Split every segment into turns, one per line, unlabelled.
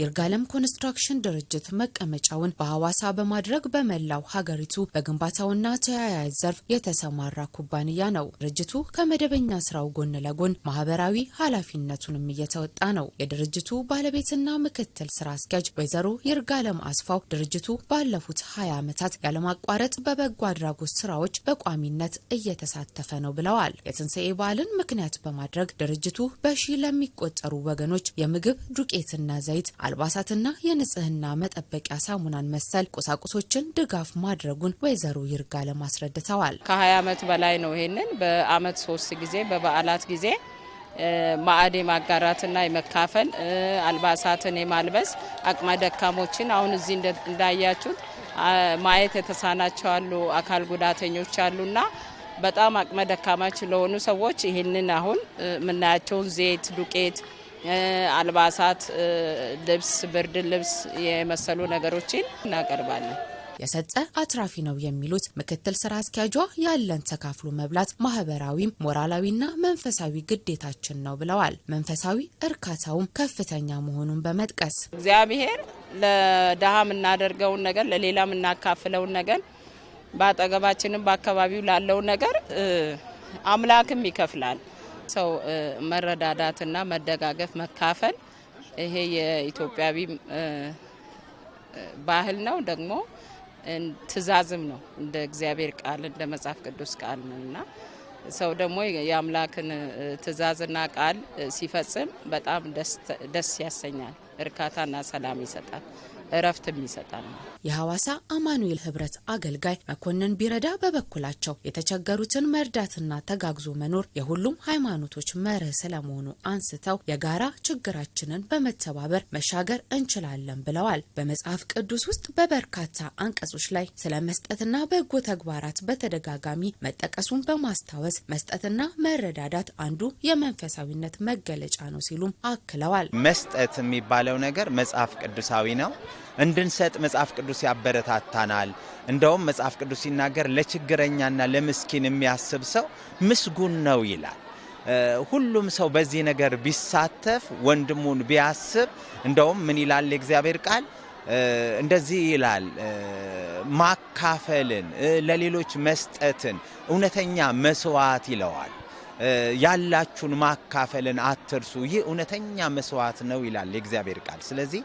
ይርጋለም ኮንስትራክሽን ድርጅት መቀመጫውን በሐዋሳ በማድረግ በመላው ሀገሪቱ በግንባታውና ተያያዥ ዘርፍ የተሰማራ ኩባንያ ነው። ድርጅቱ ከመደበኛ ስራው ጎን ለጎን ማህበራዊ ኃላፊነቱንም እየተወጣ ነው። የድርጅቱ ባለቤትና ምክትል ስራ አስኪያጅ ወይዘሮ ይርጋለም አስፋው ድርጅቱ ባለፉት ሀያ ዓመታት ያለማቋረጥ በበጎ አድራጎት ስራዎች በቋሚነት እየተሳተፈ ነው ብለዋል። የትንሣኤ በዓልን ምክንያት በማድረግ ድርጅቱ በሺ ለሚቆጠሩ ወገኖች የምግብ ዱቄትና ዘይት አልባሳትና የንጽህና መጠበቂያ ሳሙናን መሰል ቁሳቁሶችን ድጋፍ ማድረጉን ወይዘሮ ይርጋ ለማስረድተዋል
ከ ከ20 ዓመት በላይ ነው። ይህንን በአመት ሶስት ጊዜ በበዓላት ጊዜ ማዕድ የማጋራትና የመካፈል አልባሳትን የማልበስ አቅመ ደካሞችን አሁን እዚህ እንዳያችሁት ማየት የተሳናቸው አሉ፣ አካል ጉዳተኞች አሉና በጣም አቅመ ደካማች ለሆኑ ሰዎች ይህንን አሁን የምናያቸውን ዘይት፣ ዱቄት አልባሳት፣ ልብስ፣ ብርድ ልብስ የመሰሉ ነገሮችን እናቀርባለን።
የሰጠ አትራፊ ነው የሚሉት ምክትል ስራ አስኪያጇ ያለን ተካፍሎ መብላት ማህበራዊም ሞራላዊና መንፈሳዊ ግዴታችን ነው ብለዋል። መንፈሳዊ እርካታውም ከፍተኛ መሆኑን በመጥቀስ
እግዚአብሔር ለድሃ የምናደርገውን ነገር ለሌላ የምናካፍለውን ነገር በአጠገባችንም በአካባቢው ላለው ነገር አምላክም ይከፍላል። ሰው መረዳዳትና መደጋገፍ መካፈል ይሄ የኢትዮጵያዊ ባህል ነው፣ ደግሞ ትዕዛዝም ነው እንደ እግዚአብሔር ቃል እንደ መጽሐፍ ቅዱስ ቃል ነው እና ሰው ደግሞ የአምላክን ትእዛዝና ቃል ሲፈጽም በጣም ደስ ያሰኛል፣ እርካታና ሰላም ይሰጣል። የሚሰጠን ነው።
የሐዋሳ አማኑኤል ህብረት አገልጋይ መኮንን ቢረዳ በበኩላቸው የተቸገሩትን መርዳትና ተጋግዞ መኖር የሁሉም ሃይማኖቶች መርህ ስለመሆኑ አንስተው የጋራ ችግራችንን በመተባበር መሻገር እንችላለን ብለዋል። በመጽሐፍ ቅዱስ ውስጥ በበርካታ አንቀጾች ላይ ስለ መስጠትና በጎ ተግባራት በተደጋጋሚ መጠቀሱን በማስታወስ መስጠትና መረዳዳት አንዱ የመንፈሳዊነት መገለጫ ነው ሲሉም አክለዋል።
መስጠት የሚባለው ነገር መጽሐፍ ቅዱሳዊ ነው። እንድንሰጥ መጽሐፍ ቅዱስ ያበረታታናል። እንደውም መጽሐፍ ቅዱስ ሲናገር ለችግረኛና ለምስኪን የሚያስብ ሰው ምስጉን ነው ይላል። ሁሉም ሰው በዚህ ነገር ቢሳተፍ ወንድሙን ቢያስብ፣ እንደውም ምን ይላል የእግዚአብሔር ቃል እንደዚህ ይላል፣ ማካፈልን፣ ለሌሎች መስጠትን፣ እውነተኛ መስዋዕት ይለዋል። ያላችሁን ማካፈልን አትርሱ። ይህ እውነተኛ መስዋዕት ነው ይላል የእግዚአብሔር ቃል። ስለዚህ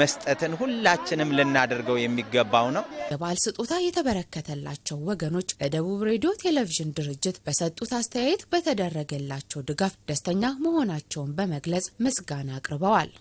መስጠትን ሁላችንም ልናደርገው የሚገባው ነው።
የበዓል ስጦታ የተበረከተላቸው ወገኖች ለደቡብ ሬዲዮ ቴሌቪዥን ድርጅት በሰጡት አስተያየት በተደረገላቸው ድጋፍ ደስተኛ መሆናቸውን በመግለጽ ምስጋና አቅርበዋል።